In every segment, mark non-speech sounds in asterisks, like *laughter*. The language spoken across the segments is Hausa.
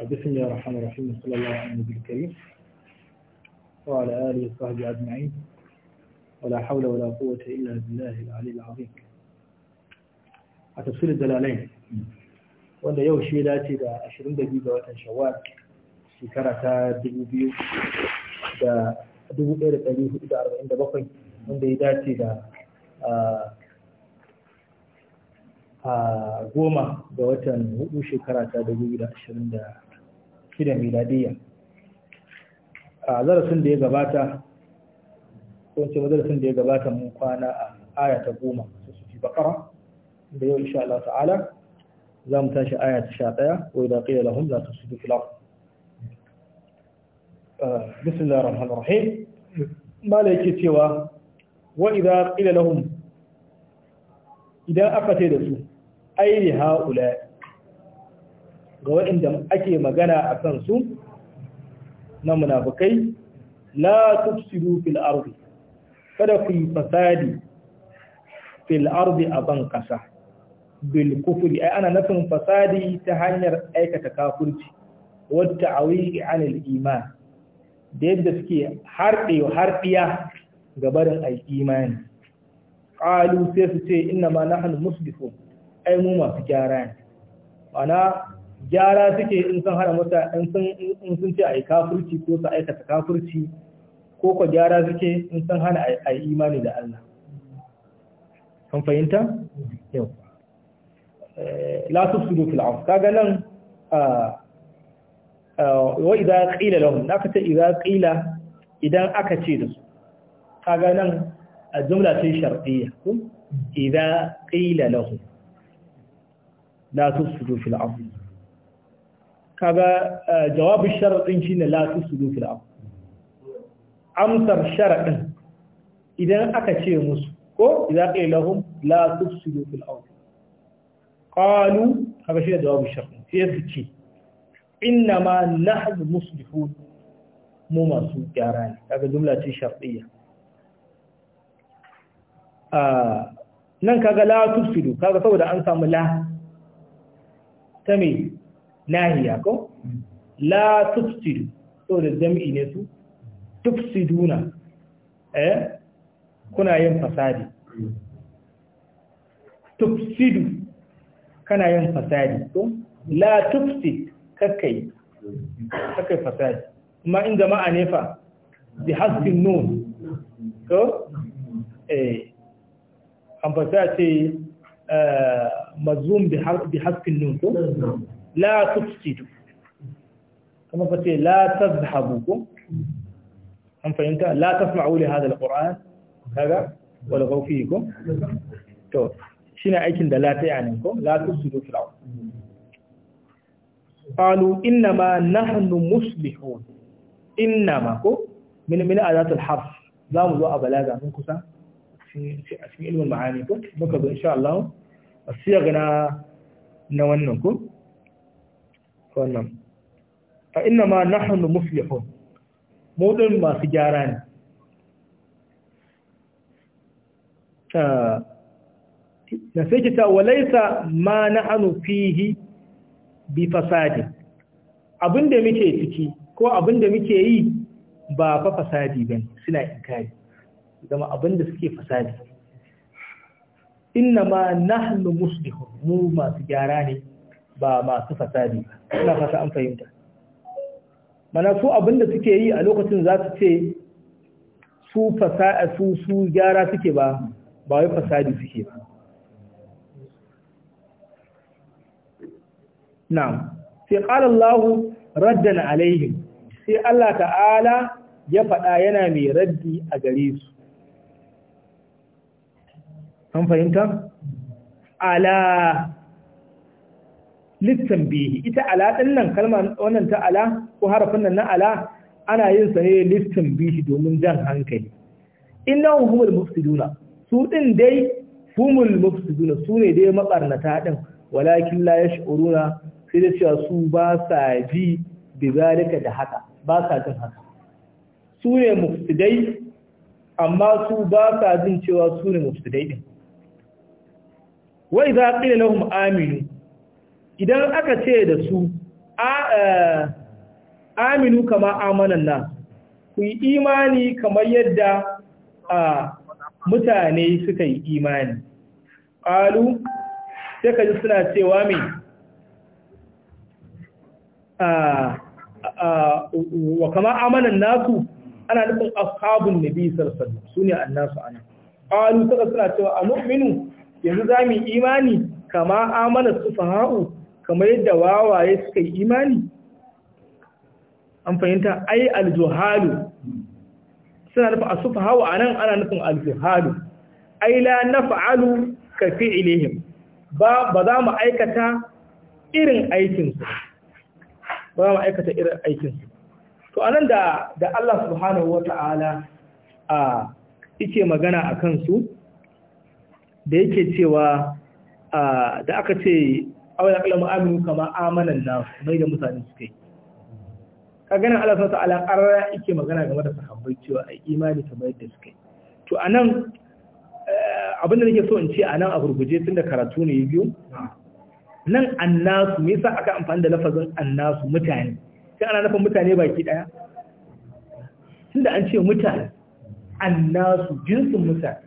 بسم الله الرحمن الرحيم صلى الله عليه وسلم الكريم وعلى آله وصحبه أجمعين ولا حول ولا قوة إلا بالله العلي العظيم التفسير الدلالين wanda yau shi dace da 22 ga watan shawwal shekara ta 2447 wanda ya dace da a goma ga watan دبو shekara ta دقيقة shida miladiyya a darasin da ya gabata ko ce darasin da ya gabata mun kwana a aya ta goma su su fi bakara da yau insha Allah ta'ala za mu tashi aya ta sha ɗaya ko da ƙila za su su fil ardh bismillahir rahmanir rahim mala yake cewa wa idza qila lahum idan aka ce da su aini haula ga waɗanda ake magana a kan su na munafukai la tufsidu fil ardi kada ku yi fasadi fil ardi a ban kasa bil kufri ai ana nufin fasadi ta hanyar aikata kafirci wata awi anil iman da yadda suke harɗe harɗiya ga barin ai imani qalu sai su ce inna ma nahnu muslihun ai mu masu gyara ne ana gyara suke in sun hana mata in sun ce a yi kafurci ko su aikata kafurci ko ko gyara suke in sun hana a yi imani da Allah kan fahimta? yau eh, la su su dofi la'af kaga nan wa idan ƙila lahun na ka idan ƙila idan aka ce da su kaga nan a jumla ce shar'iyya idan ƙila lahun la su su dofi la'af kaga eh, jawabin sharaɗin shi ne lati su zo fil'am amsar sharaɗin idan aka ce musu ko idan ƙai lahun lati su zo fil'am ƙalu kaga shi ne jawabin sharaɗin sai su ce inna ma nahnu muslihu mu masu gyara ne kaga jumla ce shar'iyya ah, nan kaga su tufsidu kaga saboda an samu la ta mai. nahiya ko la tufsidu so da jami'i ne su tufsiduna eh kuna yin fasadi tufsidu kana yin fasadi to la tufsid kakai kakai fasadi amma in jama'a ne fa bi hasbin nun ko eh an fasa ce eh, mazum bi hasbin nun ko لا تفسدوا كما قلت لا تذهبوا هم فهمت لا تسمعوا لهذا القران هذا ولغوا فيكم تو طيب. شنو ايكن ده لا تعنيكم لا تفسدوا في الارض قالوا انما نحن مصلحون انما من من ادات الحرف لا موضوع بلاغه من كسا في في علم المعاني بكره ان شاء الله الصيغه نونكم wannan fa inna ma nahnu muslihun mu din masu gyara ne na sai ta walaisa ma nahnu fihi bi fasadi abinda muke ciki ko abinda muke yi ba fa fasadi bane suna inkari zama abinda suke fasadi inna ma nahnu muslihun mu masu gyara ne ba masu fasadi ina fata an fahimta mana su abinda suke yi a lokacin za su ce su fasa'a su su gyara suke ba ba wai fasadi suke ba na'am sai qala Allah raddan alaihim sai Allah ta'ala ya fada yana mai raddi a gare su an fahimta ala littanbihi ita ala din nan kalma wannan ta ala ko harafin nan na ala ana yin sa ne littanbihi domin jan hankali innahum humul mufsiduna su din dai humul mufsiduna su ne dai mabarnata din walakin la yash'uruna sai da cewa su ba sa ji bi zalika da haka ba sa jin haka su ne mufsidai amma su ba sa jin cewa su ne mufsidai din wa idza qila lahum aminu idan aka ce da su e, aminu kama amanan na ku yi imani kamar yadda mutane suka yi imani alu sai ka ji suna cewa mai wa kama amanan nasu ana nufin ashabun nabi sarsallu su ne annasu ana alu suka suna cewa a mu'minu yanzu za mu imani kama amanar su fahau kamar yadda wawaye suka yi imani an fahimta ai aljuhalu suna nufin a sufa hawa anan ana nufin aljuhalu ai la naf'alu ka fi'ilihim ba ba za mu aikata irin aikinsu ba za mu aikata irin aikinsu to anan da da Allah subhanahu wata'ala a ike magana a kansu da yake cewa da aka ce aw ya kalamu aminu kama amanan na bai da mutane suke ka ganin Allah subhanahu ta'ala qarra yake magana game da sahabbai cewa ai imani kamar yadda suke to anan eh, abin da nake so in ce anan a gurguje tunda karatu ne biyu nan annasu me yasa aka amfani da lafazin annasu mutane sai ana nufin mutane baki daya tunda an ce mutane annasu jinsin mutane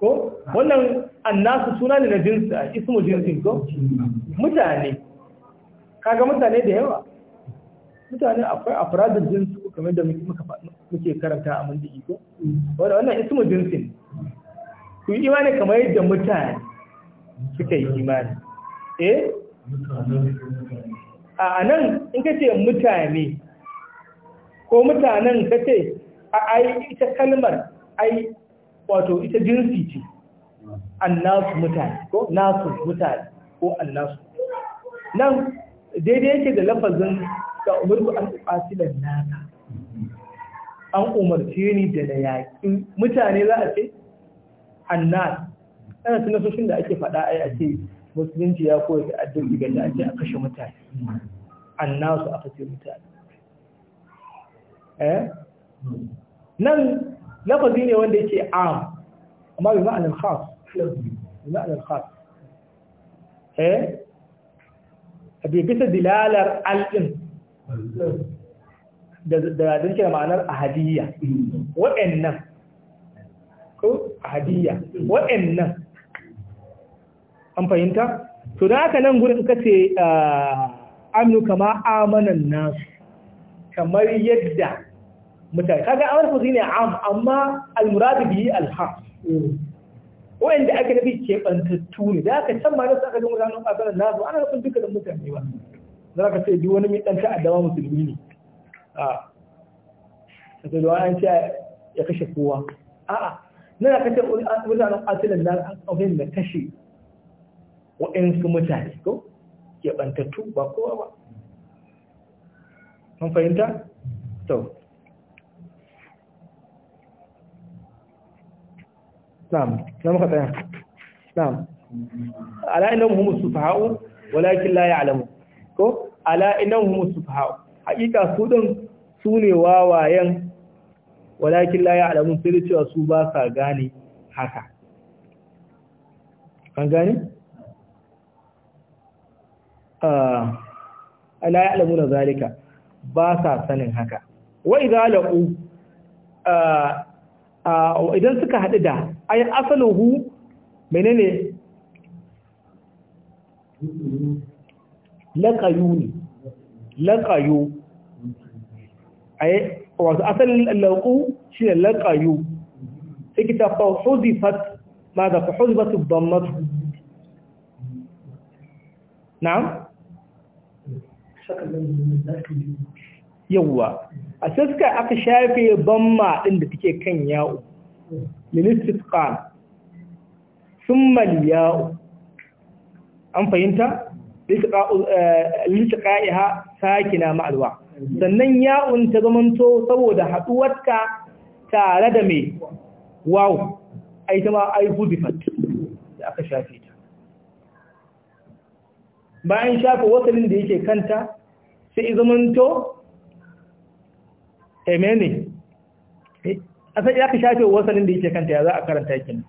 ko wannan annasu suna ne na jinsi a ismu jinsin ko mutane kaga mutane da yawa mutane akwai afradin jinsi ko kamar da muke karanta a mandiki ko wannan ismu jinsin ku yi imani kamar yadda mutane suka yi imani eh a nan in ka ce mutane ko mutanen ka ce a ai ita kalmar ai wato ita jinsi ce annasu mutane ko nasu mutane ko annasu nan daidai yake da lafazin ga umarku an ƙasilan naka an umarci ni da na yaƙi mutane za a ce annas ana tuna soshin da ake faɗa ai ce musulunci ya koya da addu'o'i ga da ake a kashe mutane annasu aka ce mutane eh nan lafazi ne wanda yake am amma bi ma'anar khas bi ma'anar khas eh bi bisa dilalar al'in da da da kira ma'anar ahadiyya wa'annan ko ahadiyya wa'annan an fahimta to da haka nan gurin kace ah, amnu kama amanan nasu kamar yadda mutane kaga amar fuzi ne am amma almuradu bihi alham wanda aka nabi ke bantattu ne da aka can ma nasu aka jin ranar asarar nasu ana nufin duka da mutane ba za ka ce duk wani mai ɗan ta'addawa musulmi ne a sai da an ce ya kashe kowa a'a na ka ce mutanen asalin na alƙawin da kashe waɗansu mutane ko ke bantattu ba kowa ba an fahimta? to na'am na muka tsaya na'am ala innahum humus sufaha'u ko ala innahum humus sufaha'u hakika su su ne wawayen walakin la ya'lamu sai da su ba sa gane haka an gane ah ala ya'lamu na zalika ba sa sanin haka wa idza laqu ah, idan suka haɗu da ayin asaluhu menene laƙayu ne laƙayu wasu asalin laƙu shi ne laƙayu sai kita fahuzifat ma da fahuzifatu ban matu na? yawwa a fuskar aka shafe bamma ɗin da take kan ya'u ministis kan sun ya'u an fahimta eh, sake na ma'alwa sannan ya'un ta zamanto saboda haɗuwarka tare da mai wawu ai ta ma ai hudifat da aka shafe ta bayan shafe wasalin da yake kanta sai zamanto eme eh, ne eh, a sai ya ka shafe wasalin da yake kanta ya za a karanta yakin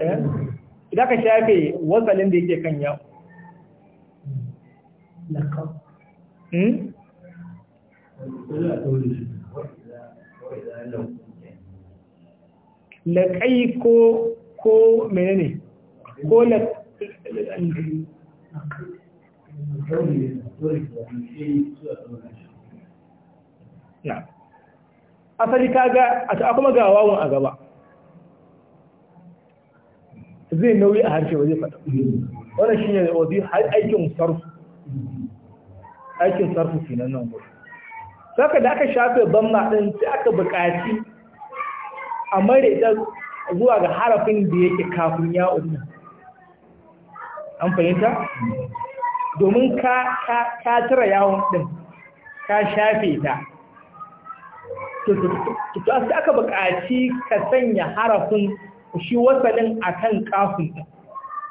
eh? idan ka shafe wasalin da yake kan yau hmm? laƙai ko ko menene ko laƙai na asali kaga a kuma ga wawon a gaba zai nauyi a harshe waje faɗa wannan shi ne wazi aikin sarfu aikin sarfu ke nan gudu saka da aka shafe bamma ɗin sai aka buƙaci a mare ta zuwa ga harafin da yake kafin ya'un nan an fahimta domin ka cire yawon ɗin ka shafe ta to aka buƙaci ka sanya harafin shi wasalin a kan kafin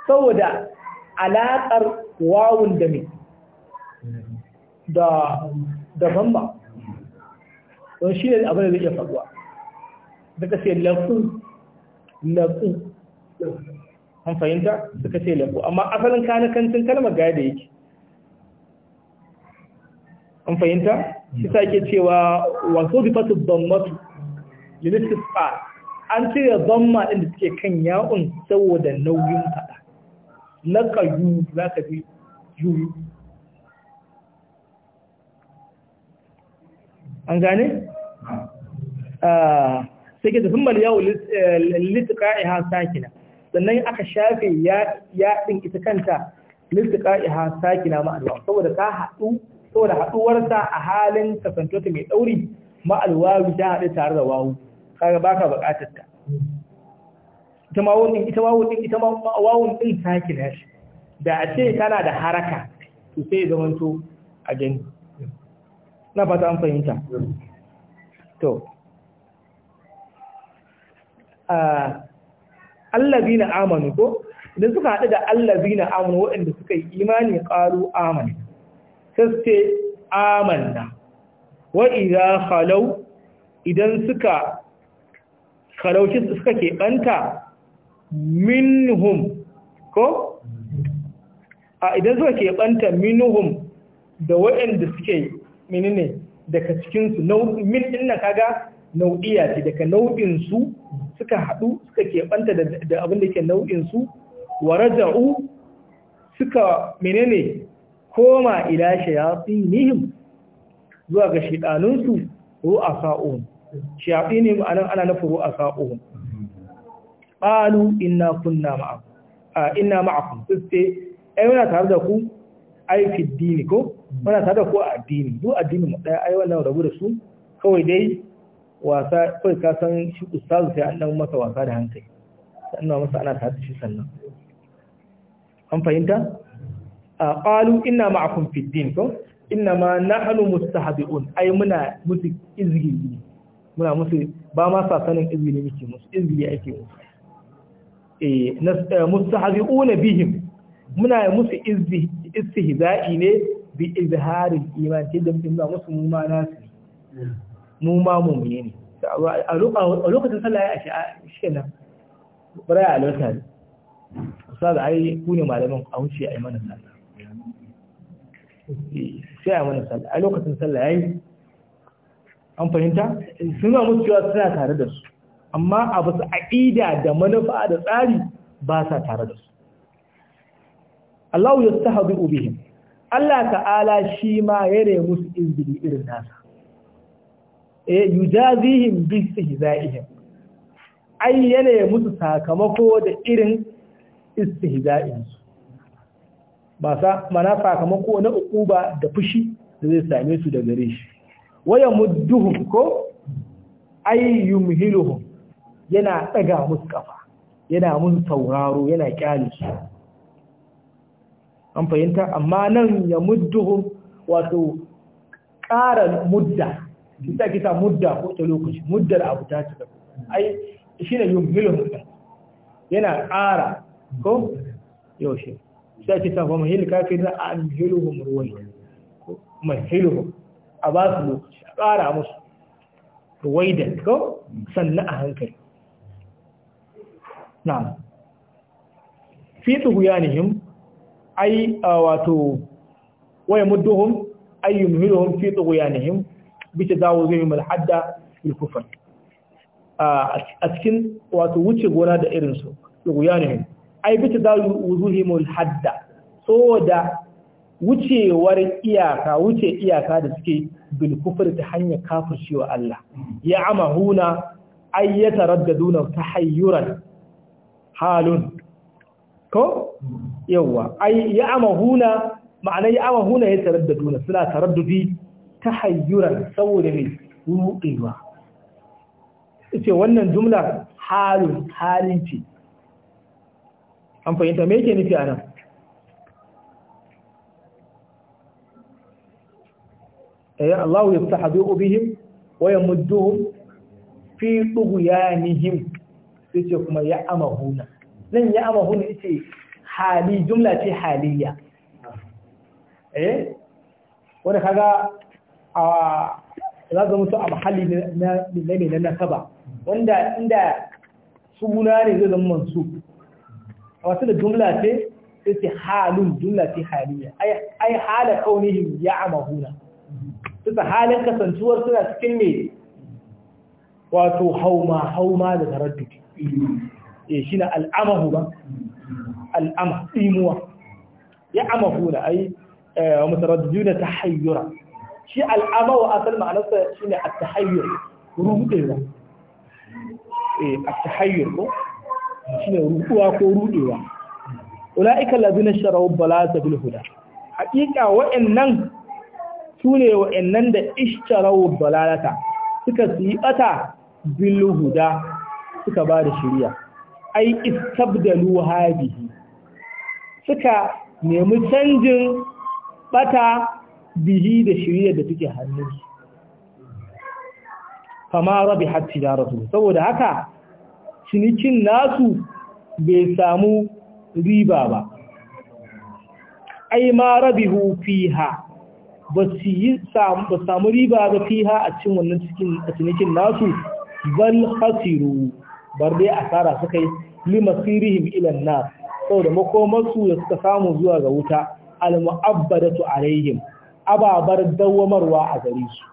saboda alaƙar wawun da mai da bamba don shi ne abin da zai iya faruwa daga sai lafin lafu an fahimta suka sai lafu amma asalin kanakancin kalmar da yake fahimta hmm. shi ke cewa wato bi fatu dhammatu lilisfa an cire dhamma din da suke kan ya'un saboda nauyin fada za ka bi yuyu an gane hmm. ah, sai ke tafi mal yau eh, litiqa'iha sakina sannan aka shafe ya ya din ita kanta litiqa'iha sakina ma'arwa saboda ka haɗu saboda haɗuwarsa a halin kasantota mai ɗauri ma'alwawi ta haɗe tare da wawu kaga baka buƙatar ta ita ma wawun ita ma wawun ita ma wawun din sakina shi da a ce tana da haraka to sai zamanto a gani na fata an fahimta to allazina amanu ko idan suka haɗu da allazina amanu waɗanda suka yi imani ƙaru amanu sai amanna wa idza khalau idan suka khalauci suka keɓanta minhum ko a idan suka banta minhum da wa'anda suke menene daga cikinsu min din na kaga nau'iya ce daga nau'insu suka haɗu suka keɓanta da abin da ke su wa raja'u suka menene koma ila shayatinihim zuwa ga shidanunsu ru'asa'uhum shayatinihim anan ana nufin ru'asa'uhum qalu inna kunna ma'akum inna ma'akum sai ai muna tare da ku ai fi dini ko muna tare da ku a addini duk addinin mu dai ai wannan rabu da su kawai dai wasa kai ka san shi ustazu sai an dan masa wasa da hankali sannan masa ana tare da shi sannan an fahimta Ah, qalu inna ma'akum fid din ko inna ma nahnu mustahabiun ay muna musu izgili muna musu ba ma sa sanin izgili miki musu izgili ake musu eh, eh mustahabiun bihim muna musu istihza'i ne bi izharil iman ce da mutum musu mu ma nasu mu ma mu ne a lokacin sallah ya ashe shikenan bara ya lokacin ne ustaz ai kune malamin a wuce ai mana sallah sai a mana sallah a lokacin sallah yayi an fahimta sun ga musu cewa suna tare da su amma a basu aqida da manufa da tsari ba sa tare da su Allahu yastahzi'u bihim Allah ta'ala shi ma yare musu izini irin nasa eh yujazihim bi istihza'ihim ai yana musu sakamako da irin istihza'insu mana sakamako na ukuba da fushi da zai same su da gare shi waya mudduhum ko ay yumhiluhum yana tsaga musu kafa yana mun sauraro yana kyale shi an fahimta amma nan ya mudduhum wato ƙara mudda kisa kita mudda ko ta lokaci muddar abu ta cika ai shi ne yumhiluhum yana ƙara ko yaushe sai ake sa fama hil kafin na an hiluhum ruwai mai hiluhum a ba su lokaci a ƙara musu ruwai da ko sannan a hankali na'am fi tuhuyanihim ai wato waya mudduhum ay yumhiluhum fi tughyanihim bi tadawuzihim al-hadda bil kufr a cikin wato wuce gona da irin su tughyanihim ai bi ta wuzuhimul hadda da wucewar iyaka wuce iyaka da suke bil ta hanyar kafircewa Allah ya amahuna ay yataraddaduna tahayyuran halun ko yawa ay ya huna ma'ana ya amahuna yataraddaduna suna ta tahayyuran saboda ne ruɗewa ce wannan jumla halun halin ce an fahimta me ke nufi a nan ya Allah ya tahadu bihim wa yamudduhum fi tughyanihim sai kuma ya amahuna nan ya amahuna yace hali jumla ce haliya eh wanda kaga a za ga mutu a mahalli na na na nasaba wanda inda suna ne zai zama mansub واصل الجملة في في حال الجملة في حالية أي أي حال كونهم يعمهون في حال كسن صور صور كلمي واتو حوما حوما لتردد يشين إيه، الأمه ما الأمه إيموا يعمهون أي آه، ومترددون تحيرا شيء الأمه وأصل معنى شيء التحير رهده إيه التحير رهده shine rukuwa ko rudewa ulaika allazina Bala ta bil huda haqiqa wa'annan sune wa'annan da ishtaraw balalata suka siyi ata bil huda suka ba da shari'a ai istabdalu hadihi suka nemi canjin bata bihi da shirya da take hannu, fama rabi hatti rasu saboda haka cinikin nasu bai samu riba ba ai ma rabihu fiha ba su yi samu riba ba fiha a cikin wannan cinikin nasu bal hasiru bar dai asara suka yi limasirihim ilan nas saboda makomarsu da suka samu zuwa ga wuta al-mu'abbadatu alaihim ababar dawamarwa a gare su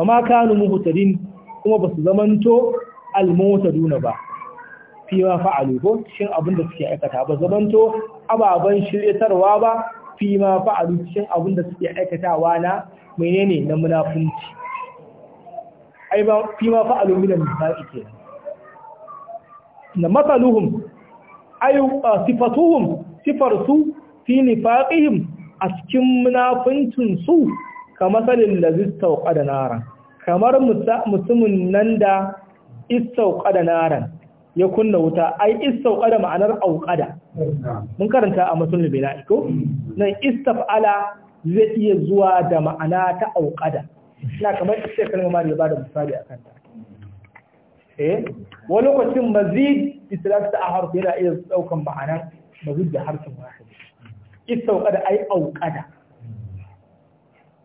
amma kanu muhtadin kuma basu zamanto duna ba fi ma fa'alu ko cikin abin da suke aikata ba zamanto ababan shiryatarwa ba fi ma fa'alu cikin abin da suke aikatawa na menene na munafunci ai ba fi ma fa'alu min al-misali ke na masaluhum ay sifatuhum sifar su fi nifaqihim a cikin munafuncin su kamar salin da zistau da naran kamar mutumin nan da ƙada naran ya kunna wuta ai istauqada ma'anar auqada mun karanta a matulul bina'i ko nan istafala zai iya zuwa da ma'ana ta auqada ina kamar sai kalmar ya bada misali akan ta eh wani lokacin mazid istilafi ta harfi yana iya daukan ma'anar mazid da harfin wahidi ƙada ai auqada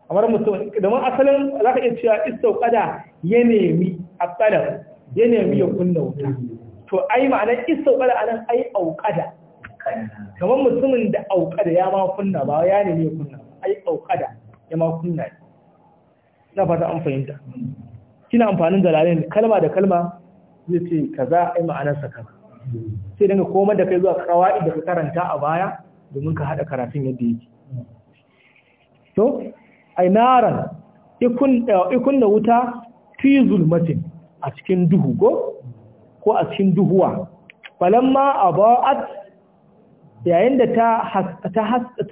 kamar mutum domin asalin za ka iya cewa ƙada ya nemi a tsalar ya nemi ya kunna wuta to ai ma'anar istauƙada anan ai aukada kamar mutumin da aukada ya ma kunna ba ya nemi ya kunna ai aukada ya ma kunna na fata an fahimta kina amfanin da lalin kalma da kalma zai ce kaza ai sa kaza sai dinga komar da kai zuwa kawai da ka karanta a baya domin ka haɗa karatun yadda yake to ai naran ikun da eh, wuta fi zulmatin a cikin duhu ko ko a cikin duhuwa falamma aba'at yayin da ta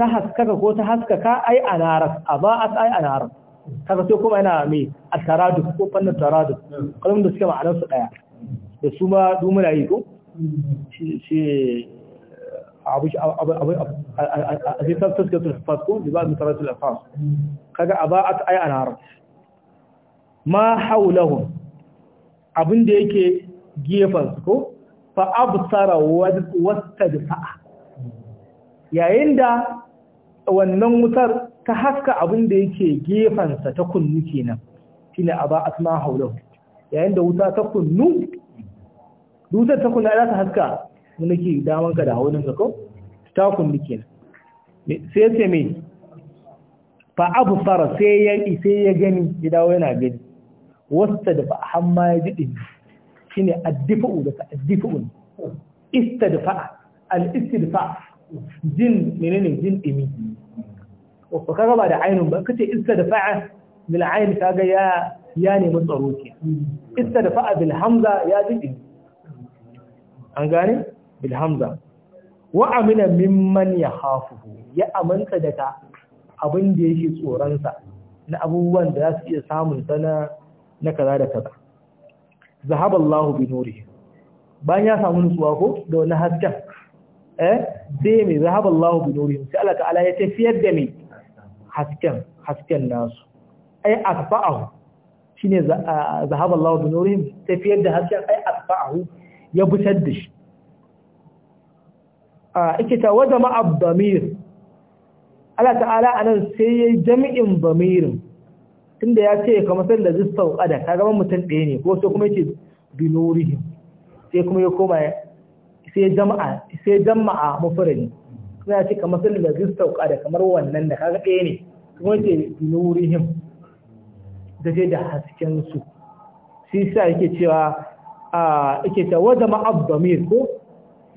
haskaka ko ta haskaka ai anaras aba'at ai anaras kaga sai kuma yana mai ataradus ko fannin taradus kalmun da suke ma'anar su daya da su ma du yi ko shi abu abu abu a zai suke ko kaga aba'at ai anaras ma haulahum abin da yake gefen su ko fa absara wastadfa yayin da wannan wutar ta haska abin da yake gefensa ta kunnu kenan shine aba asma haulahu yayin da wuta ta kunnu dutar ta kunna za ta haska mu nake daman ka da haulun ka ko ta kunnu kenan sai sai me fa absara sai ya sai ya gani ya dawo yana gani wastadfa hamma ya jidin shine addifa'u da addifa'un istadfa al istidfa jin menene jin dimi wa kaga ba da ainun ba kace istadfa bil ain kaga ya ya ne matsaro ke istadfa bil hamza ya jidin an gane bil hamza wa amina mimman yakhafuhu ya amanta daga abin da yake tsoron sa na abubuwan da za su iya samun sana na kaza da kaza zahaba Allah bi nurihim bayan ya samu nutsuwa ko da wani hasken eh sai mai zahaba Allah bi nurihim sai Allah ta'ala ya tafiyar da mai hasken hasken nasu ai asfa'ahu shine zahaba Allah bi nurihim tafiyar da hasken ai asfa'ahu ya butar da shi a ikita wada ma'ab damir Allah ta'ala anan sai ya jami'in bamirin. tunda ya ce kamar sai da zistau kada ka ga mutum ɗaya ne ko sai kuma yake binurihim sai kuma ya koma sai jama'a sai jama'a mufradi kuma ya ce kamar sai da zistau kada kamar wannan da kaga ɗaya ne kuma yake binurihim da ke da hasken su sai sa yake cewa a yake ta wada ma'abdamir ko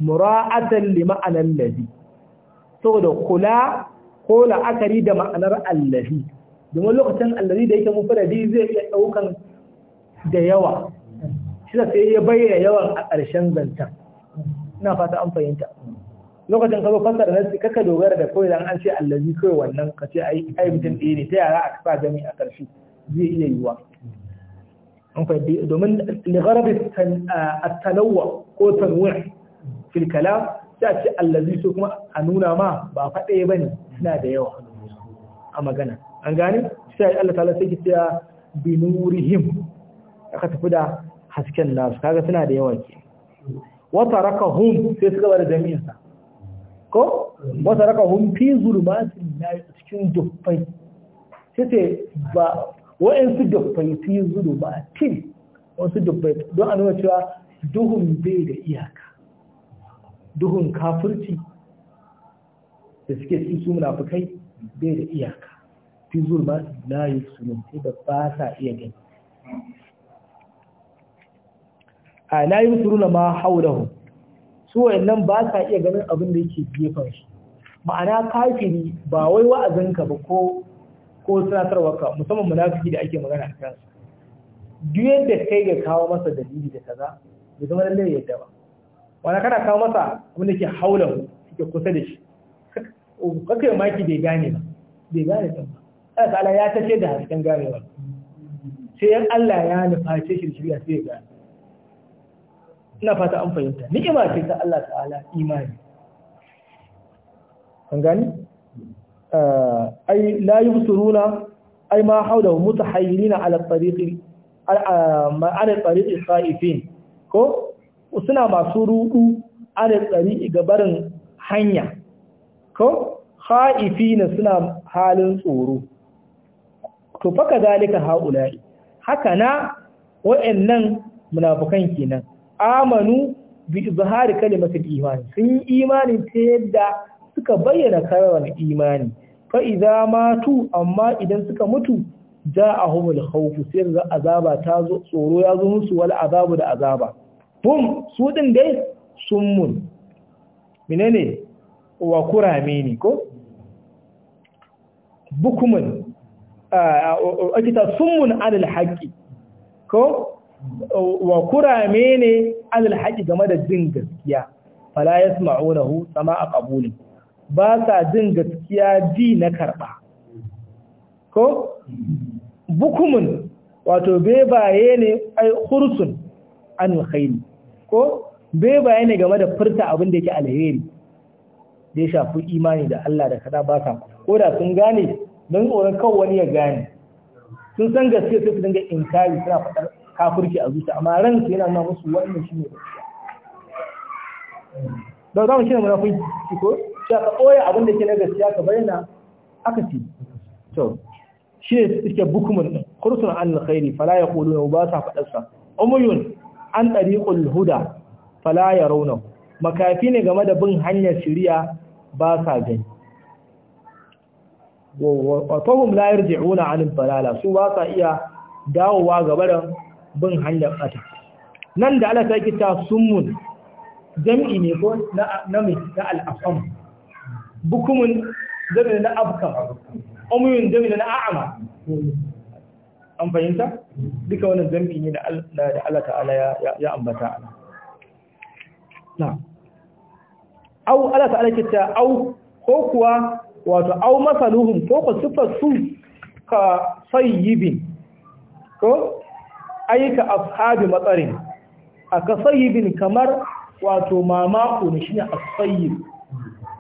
mura'atan li ma'anan ladhi saboda kula ko la'akari da ma'anar allahi. domin lokacin allazi da yake mufradi zai iya daukan da yawa shi sai ya bayyana yawan a ƙarshen zantar ina fata an fahimta lokacin ka zo fassara nasi kaka dogara da kawai dan an ce allazi kawai wannan ka ce ai ai mutum ɗaya ne ta yara a kasa gani a ƙarshe zai iya yiwa an fahimta domin ligarabi at-tanawwu ko tanwi' fil kalam sai a ce allazi so kuma a nuna ma ba fa ba bane suna da yawa a magana an gani sai Allah ta'ala sai ki tsaya bi nurihim aka tafi da hasken nasu kaga suna da yawa ke wa tarakahum sai suka bar jami'in sa ko wa tarakahum fi zulumatin nayi cikin dubbai sai ce ba su dubbai fi zulumatin wasu dubbai don a nuna cewa duhun bai da iyaka duhun kafirci da suke cikin su munafukai bai da iyaka fi zulma la yusunun ko da ba sa iya gani a la yusunun ma haulahu su wayannan ba sa iya ganin abin da yake gefen shi ma'ana kafiri ba wai wa'azinka ba ko ko sanatarwarka musamman munafiki da ake magana a kansa duk yadda kai ga kawo masa dalili da kaza ya zama lallai yadda ba wani kana kawo masa abin da ke haulahu suke kusa da shi kakai maki bai gane ba bai gane ba Allah ya ya ce da hasken ganewa sai yan Allah ya nufa ce shirya sai ya gane ina fata an fahimta ni'ima ce ta Allah ta'ala imani kan gani eh, ai la yusuruna ai ma hawlahu mutahayyirina ala tariqi ala tariqi khaifin ko suna masu rudu ala tariqi gabarin hanya ko khaifina suna halin tsoro to faka zalika haula'i haka na wa'annan munafukan kenan amanu bi izhari kalimatul imani sun yi imani ta yadda suka bayyana karawar imani fa idza matu amma idan suka mutu ja'ahumul khawfu sai ga azaba ta zo tsoro ya zo musu wal azabu da azaba hum su din dai summun menene wa kurame ne ko bukumun akita summun anil haƙi ko wa kurame ne anil haƙi game da jin gaskiya fala ya sma'unahu sama a ƙabulin ba sa jin gaskiya ji na karɓa ko bukumin wato bebaye ne ai hursun an haini ko bebaye ne game da furta abin da yake alheri da ya shafi imani da Allah da kada ba sa ko da sun gane don tsoron kawo wani ya gane sun san gaske sai su dinga inkari suna faɗar kafirci a zuciya amma ran su yana nuna musu wannan shi ne gaskiya da za mu shi ne munafunci ko shi aka ɓoye abin da ke na gaskiya ka bayyana aka ce to shi ne suke bukumin kursun an alkhairi fala ya kulu ne ba sa faɗarsa umuyun an ɗari huda fala ya rauna makafi ne game da bin hanyar shirya ba sa gani wa fahum la yarji'una al balala su ba sa iya dawowa gabaran bin hanyar bata nan da Allah ta kita summun jam'i ne ko na na mai na al-afam bukumun jami'i na abkam umuyun jami'i na a'ama an fahimta duka wannan jami'i ne da Allah ta'ala ya ambata na au Allah ta'ala ke ta au ko kuwa wato au masaluhum ko ku sifar su ka sayyibin ko ayyuka ashabi matsarin a ka sayyibin kamar wato mamaku ne shine as-sayyib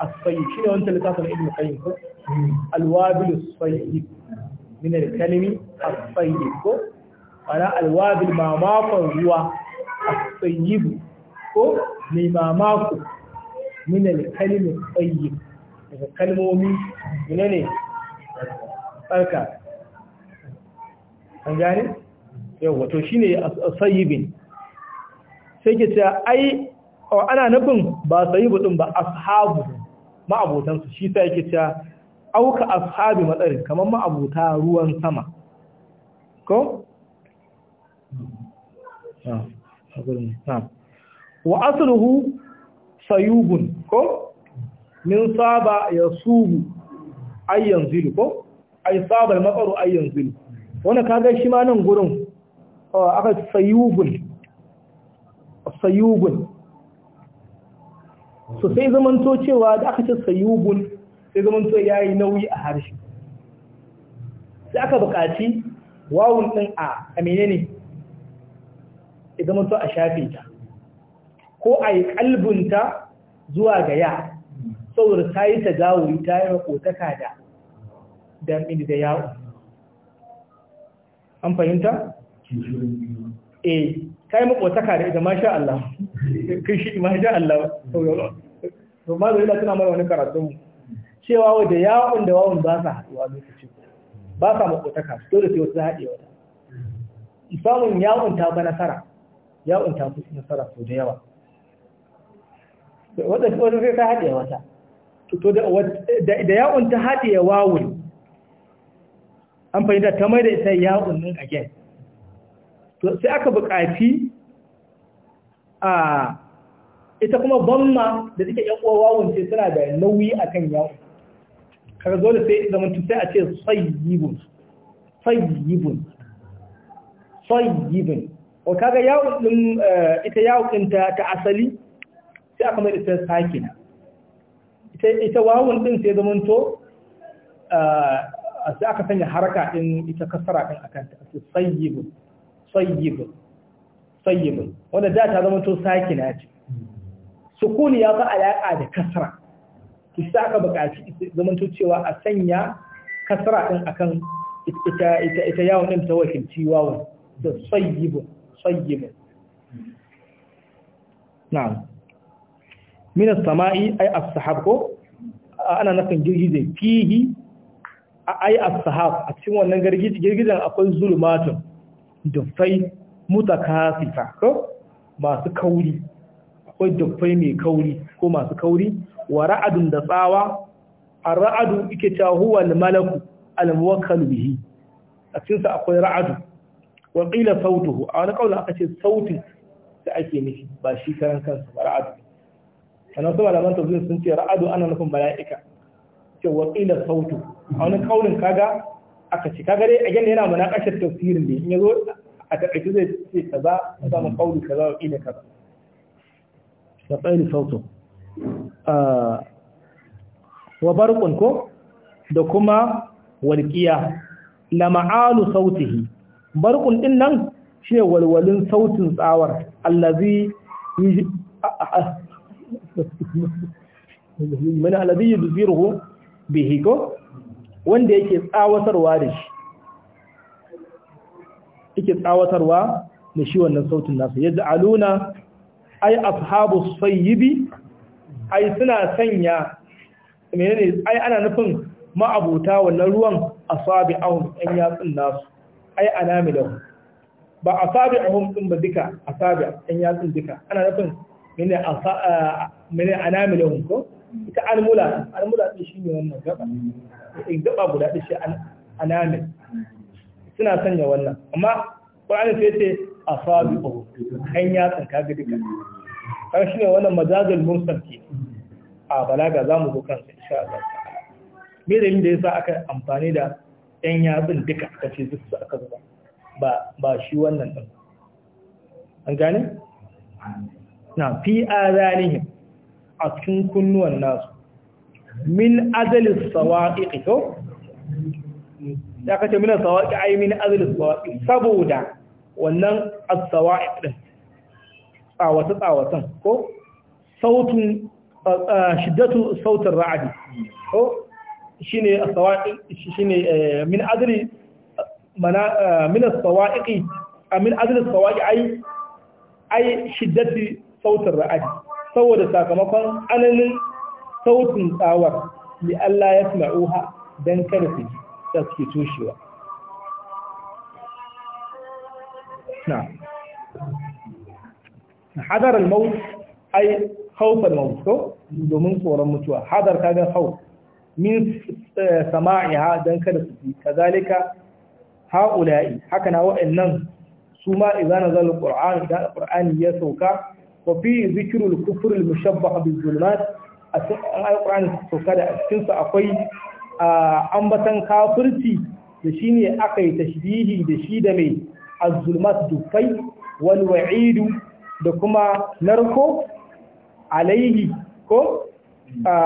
as-sayyib shine wanda littafin ibnu qayyim ko al-wabil as-sayyib min al-kalimi as-sayyib ko ana al-wabil mamakon ruwa as-sayyib ko mama mamaku min al-kalimi as-sayyib daga kalmomi ina ne tsarka an gane? yau wato shi ne a sayibin sai ke cewa ai ana nufin ba sayibu ɗin ba ashabu ma'abotansu shi sai ke cewa auka ashabi matsarin kamar ma'abota ruwan sama ko? wa asuluhu sayubun ko? min saba ya subu ayyan zilu ko ay saba matsaru ayyan zilu wanda kaga shi ma nan gurin aka sayubul sayubul so sai to cewa da aka ce sayubul sai to yayi nauyi a harshe sai aka buƙaci wawun din a a menene mun zamanto a shafe ta ko ay yi kalbunta zuwa ga ya saboda ta yi gawuri ta yi makotaka da damin da yawon an fahimta? eh ka yi makotaka da ita masha Allah kai shi masha Allah to ma zai latina mara wani karatunmu cewa wadda yawon da wawon ba sa haɗuwa lokacin ba sa makotaka dole sai wata haɗe wata samun yawon ta ba nasara yawon ta fi nasara sau da yawa wadda sai ta haɗe wata to da ya'un ta haɗe ya wawun an fahimta ta mai da ita ya'un nan again to sai aka buƙaci a ita kuma bamma da suke yan uwa wawun ce suna da nauyi akan ya'un kaga dole sai zaman tu sai a ce sayyibun sayyibun sayyibun wa kaga ya'un din eh, ita ya'un ta ta asali sai aka mai da ta sakina ita wawun din sai zamanto sai aka sanya haraka din ita kasara din akan ta sai sayyibun sayyibun sayyibun wanda da ta saki sakina ce sukuni ya fi alaka da kasara ki sa aka buƙaci to cewa a sanya kasara din akan ita ita ita yawon din ta wakilci wawun da sayyibun sayyibun na'am minas sama'i ai as-sahab ko ana nufin girgije fihi ai as-sahab a cikin wannan girgijen akwai zulumatun dufai mutakasifa ko masu kauri akwai dufai mai kauri ko masu kauri wa ra'adun da tsawa ar-ra'adu yake ta huwa al-malaku al-muwakkal bihi a cikin sa akwai ra'adu wa qila sautuhu a wani kaula aka ce sautin da ake nufi ba shi karan kansa ba ra'adu kana so malaman tafsir sun ce ra'adu ana nufin mala'ika ce wa qila sautu a wani kaulin kaga aka ci kaga dai again yana munakashar tafsirin da in yazo a takaice zai ce kaza ya samu kauli kaza wa qila kaza wa qila sautu ah, wa barqun ko da kuma walqiya la ma'alu sautihi barqun din nan shi walwalin sautin tsawar allazi *laughs* man alladhi yuzhiruhu bihi ko wanda yake tsawatarwa da shi yake tsawatarwa da shi wannan sautin nasa yaj'aluna ay ashabu sayyibi ai suna sanya menene ai ana nufin ma'abuta wannan ruwan asabi'ahum ɗan yatsun nasu ai anamilahu ba asabi'ahum din ba duka asabi' ɗan yatsun duka ana nufin min afa min ko ita almula almula din shine wannan gaba in gaba guda din shi anamil suna sanya wannan amma Qur'ani sai ce asabi'u kan ya tsanka ga duka kan shine wannan majazul mursal ke a balaga zamu zo kansa insha Allah me dalilin da yasa aka amfani da yan yatsun duka kace duk su aka zuba ba ba shi wannan din an gane na fi azanihim a cikin kunnuwan nasu min azalis sawa'i ito da kace min sawa'iqi ai min azalis sawa'i. saboda wannan as-sawa'iq din tsawata tsawatan ko sautun shiddatu sautin ra'adi ko shine as-sawa'iq shine eh, min azri mana eh, min as-sawa'iqi min azalis as ai ai shiddati sautin ra'adi saboda sakamakon ananin sautin tsawar li Allah ya fi ma'uha don kada su suke toshewa na hadar al-maut ai haukar maut domin tsoron mutuwa hadar gan haus min eh, sama'iha don kada su ji kazalika ha'ula'i haka na nan su ma idan nazal qur'an da ya sauka wa fi zikirul kufrul mushabbaha bil zulmat a cikin alqur'ani da a cikin sa akwai ambatan kafirci da shine akai tashbihi da shi da mai az-zulmat dufai wal wa'id da kuma narko alaihi ko da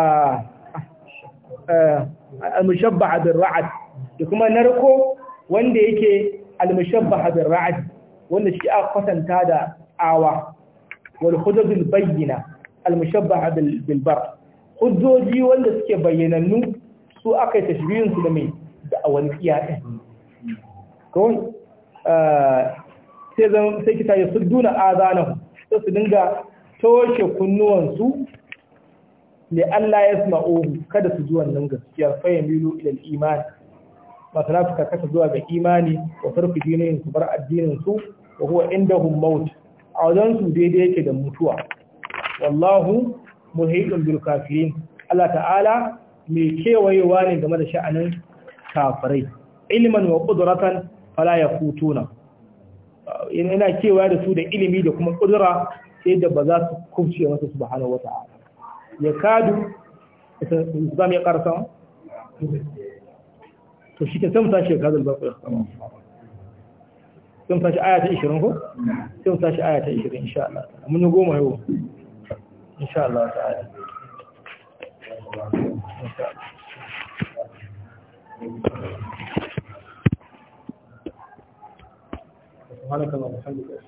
kuma narko wanda yake al-mushabbaha bil wanda shi da awa والحجج البينة المشبعة بالبر hujjoji wanda suke bayyanannu su aka yi tashbiyinsu da mai da awali kiyaye kawai sai zan sai kita ya su sai su dinga toshe kunnuwansu ne Allah ya sma ohu kada su ji wannan gaskiyar fayin milu ilal imani masu na suka kasa zuwa ga imani wa farfi dinin su bar addinin su wa huwa indahum a wajen su daidai yake da mutuwa wallahu muhaidun bil kafirin Allah ta'ala mai kewayewa ne game da sha'anin kafirai ilman wa qudratan fala na. ina kewaya da su da ilimi da kuma kudura sai da ba za su kufce masa subhanahu wata'ala ya kadu zama ya karsa to shi ke samta shi ya kadu ba ku ya kama sun tashi aya ta 20 ko sun tashi aya ta 20 insha Allah mun yi goma yau insha Allah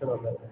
ta'ala